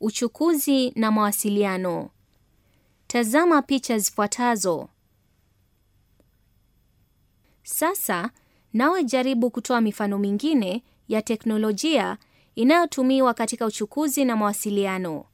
uchukuzi na mawasiliano. Tazama picha zifuatazo. Sasa nawe jaribu kutoa mifano mingine ya teknolojia inayotumiwa katika uchukuzi na mawasiliano.